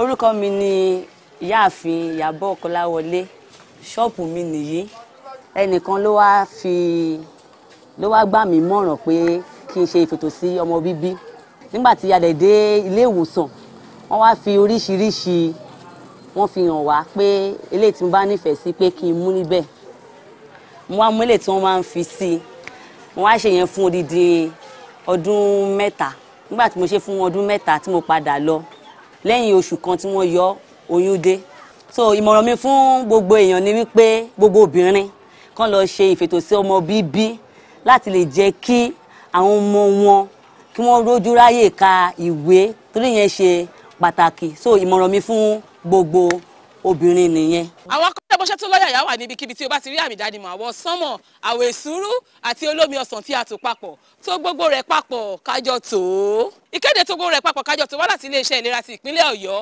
orúkọ mi ni ìyáàfin ìyàbọ̀ ọ̀kọ́láwọlé ṣọ́ọ̀pù mi nìyí ẹnìkan ló wá fi ló wá gbà mí mọ̀ràn pé kí n ṣe ìfètò sí ọmọ bíbí nígbà tí a dẹ̀ dé ilé ìwòsàn wọ́n wá fi oríṣiríṣi wọ́n fi hàn wá pé eléyìí tí mo bá nífẹ̀ẹ́ sí pé kí n mú níbẹ̀ mo wá mú eléyìí tí wọ́n máa ń fi sí i mo wá ṣe yẹn fún odidi ọdún mẹ́ta nígbà tí mo ṣe fún ọdún mẹ́ta tí mo padà lọ lẹ́yìn oṣù kan tí wọ́n yọ oyún dé so ìmọ̀ràn mi fún gbogbo èèyàn ni wípé gbogbo obìnrin kan lọ ṣe ìfètòsí ọmọ bíbí láti lè jẹ́ kí àwọn ọmọ wọn kí wọ́n rójú ráyè ka ìwé torí yẹn ṣe pàtàkì so ìmọ̀ràn mi fún gbogbo obìnrin nìyẹn. àwọn Abọ́ṣẹ́ tó lọ́yà yà wà níbikíbi tí o bá ti rí àmì ìdánimọ̀ àwọ̀ sánmọ̀ àwọ̀ èsúrú àti olómi ọsàn tí a tò papọ̀ tó gbogbo rẹ̀ papọ̀ kájọ tòó. Ìkéde tó gbogbo rẹ̀ papọ̀ kájọ tòó wá láti iléeṣẹ́ ìlera ti ìpínlẹ̀ Ọ̀yọ́.